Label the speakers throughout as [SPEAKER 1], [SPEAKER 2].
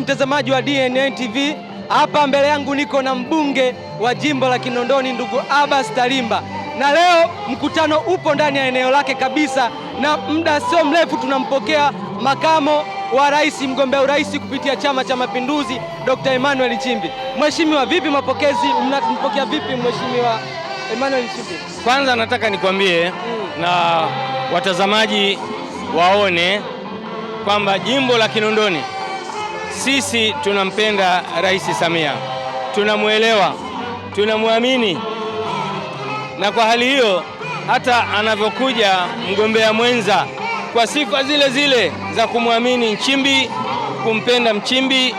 [SPEAKER 1] mpenzi mtazamaji wa DNN TV, hapa mbele yangu niko na mbunge wa jimbo la Kinondoni ndugu Abbas Tarimba, na leo mkutano upo ndani ya eneo lake kabisa, na muda sio mrefu tunampokea makamo wa rais, mgombea urais kupitia Chama cha Mapinduzi, Dr. Emmanuel Nchimbi. Mheshimiwa, vipi mapokezi, mnampokea vipi Mheshimiwa Emmanuel Nchimbi?
[SPEAKER 2] Kwanza nataka nikwambie na watazamaji waone kwamba jimbo la Kinondoni sisi tunampenda Rais Samia, tunamwelewa, tunamwamini, na kwa hali hiyo hata anavyokuja mgombea mwenza kwa sifa zile zile za kumwamini Nchimbi, kumpenda Mchimbi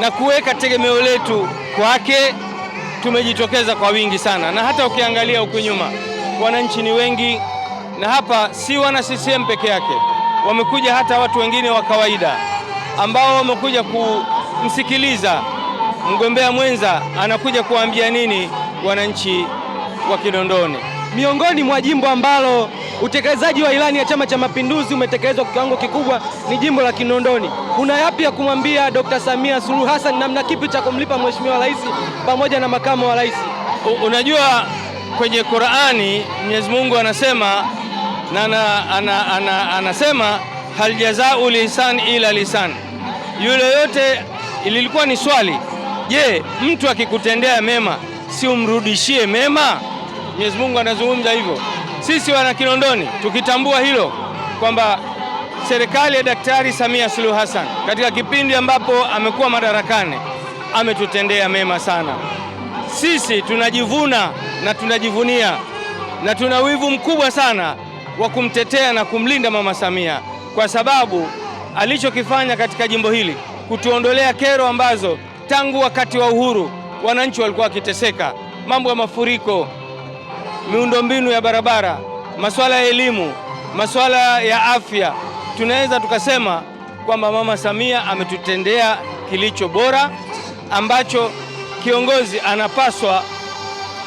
[SPEAKER 2] na kuweka tegemeo letu kwake, tumejitokeza kwa wingi sana, na hata ukiangalia huku nyuma wananchi ni wengi, na hapa si wana CCM peke yake, wamekuja hata watu wengine wa kawaida ambao wamekuja kumsikiliza mgombea mwenza anakuja kuambia nini wananchi wa Kinondoni.
[SPEAKER 1] Miongoni mwa jimbo ambalo utekelezaji wa ilani ya Chama cha Mapinduzi umetekelezwa kwa kiwango kikubwa ni jimbo la Kinondoni. Kuna yapi ya kumwambia Dr. Samia Suluhu Hassan, namna kipi cha kumlipa Mheshimiwa Rais pamoja na makamu wa rais?
[SPEAKER 2] Unajua, kwenye Qur'ani Mwenyezi Mungu anasema na anasema hal jazau lisan ila lisan yule yote, ilikuwa ni swali, je, mtu akikutendea mema si umrudishie mema? Mwenyezi Mungu anazungumza hivyo. Sisi wana Kinondoni tukitambua hilo kwamba serikali ya Daktari Samia Suluhu Hassan katika kipindi ambapo amekuwa madarakani ametutendea mema sana. Sisi tunajivuna na tunajivunia na tuna wivu mkubwa sana wa kumtetea na kumlinda Mama Samia kwa sababu alichokifanya katika jimbo hili kutuondolea kero ambazo tangu wakati wa uhuru wananchi walikuwa wakiteseka, mambo ya mafuriko, miundombinu ya barabara, masuala ya elimu, masuala ya afya. Tunaweza tukasema kwamba Mama Samia ametutendea kilicho bora ambacho kiongozi anapaswa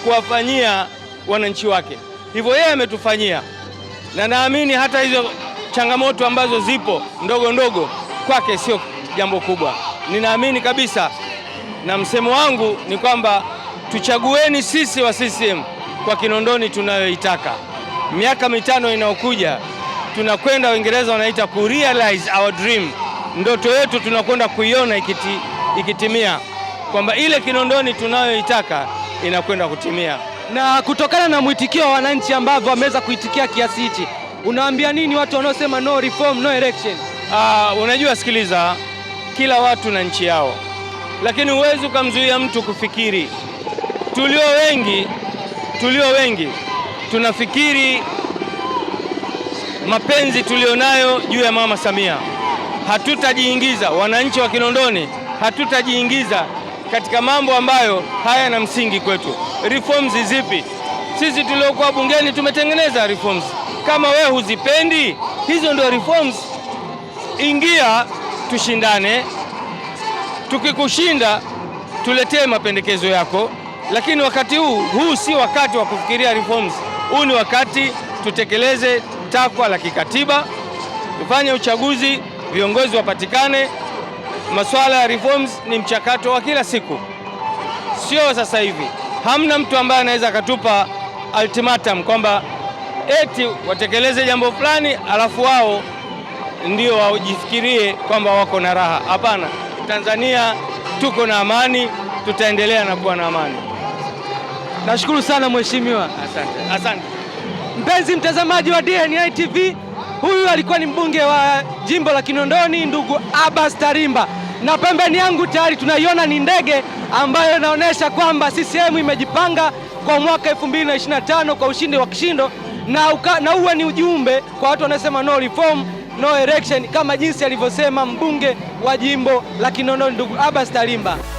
[SPEAKER 2] kuwafanyia wananchi wake. Hivyo yeye ametufanyia, na naamini hata hizo changamoto ambazo zipo ndogo ndogo kwake sio jambo kubwa. Ninaamini kabisa na msemo wangu ni kwamba tuchagueni sisi wa CCM kwa Kinondoni tunayoitaka. Miaka mitano inayokuja tunakwenda, Uingereza wanaita ku realize our dream, ndoto yetu tunakwenda kuiona ikiti, ikitimia kwamba ile Kinondoni tunayoitaka inakwenda kutimia,
[SPEAKER 1] na kutokana na mwitikio wa wananchi ambavyo wameweza kuitikia kiasi hichi Unaambia nini watu wanaosema no reform, no election?
[SPEAKER 2] Ah, unajua sikiliza, kila watu na nchi yao, lakini huwezi ukamzuia mtu kufikiri. Tulio wengi, tulio wengi tunafikiri mapenzi tulionayo juu ya Mama Samia, hatutajiingiza wananchi wa Kinondoni, hatutajiingiza katika mambo ambayo hayana msingi kwetu. Reforms zipi? Sisi tuliokuwa bungeni tumetengeneza reforms kama wewe huzipendi, hizo ndio reforms. Ingia tushindane, tukikushinda tuletee mapendekezo yako, lakini wakati huu huu si wakati wa kufikiria reforms. Huu ni wakati tutekeleze takwa la kikatiba, tufanye uchaguzi, viongozi wapatikane. Masuala ya reforms ni mchakato wa kila siku, sio sasa hivi. Hamna mtu ambaye anaweza akatupa ultimatum kwamba eti watekeleze jambo fulani alafu wao ndio wajifikirie kwamba wako na raha. Hapana, Tanzania tuko na amani, tutaendelea na kuwa na amani.
[SPEAKER 1] Nashukuru sana mheshimiwa.
[SPEAKER 2] Asante, asante.
[SPEAKER 1] Mpenzi mtazamaji wa DNI TV, huyu alikuwa ni mbunge wa jimbo la Kinondoni ndugu Abbas Tarimba, na pembeni yangu tayari tunaiona ni ndege ambayo inaonyesha kwamba CCM imejipanga kwa mwaka 2025 kwa ushindi wa kishindo na, uka, na uwe ni ujumbe kwa watu wanaosema no reform no election, kama jinsi alivyosema mbunge wa jimbo la Kinondoni ndugu Abbas Talimba.